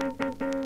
Thank you.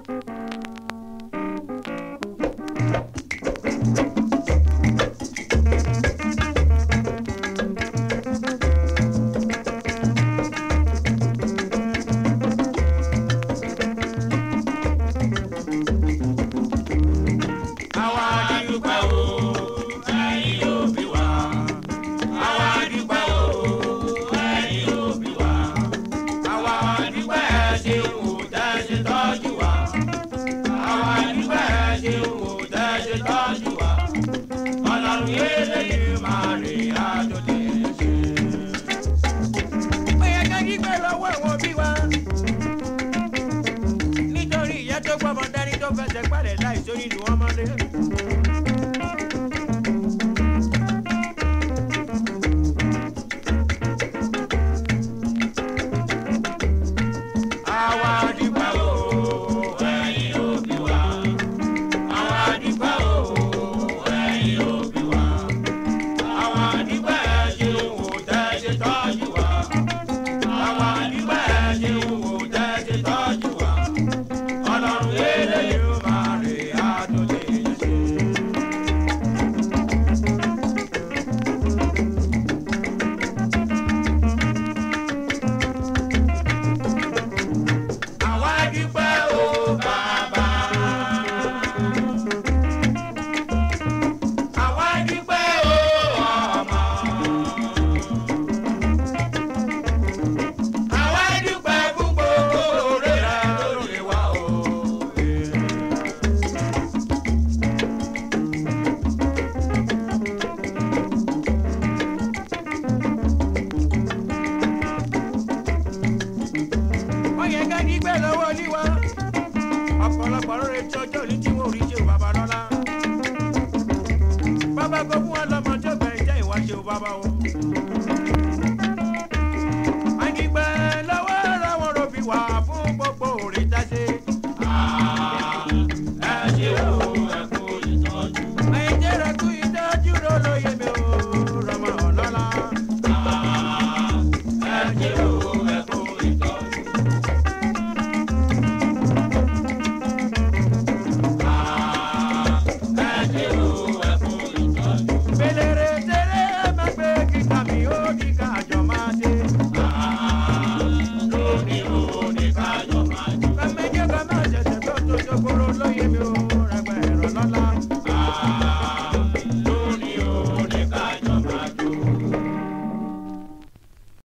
gbàgbọ́. kẹ́ni gbé lọ́wọ́ níwá ọ̀pọ̀lọpọ̀ lóore tí òní tí wọ́n rí ṣe ò bàbá lọ́la bàbá gbogbo wọn lọ́mọ tó bẹ̀ jẹ́ ìwáṣe ò bàbá wọn.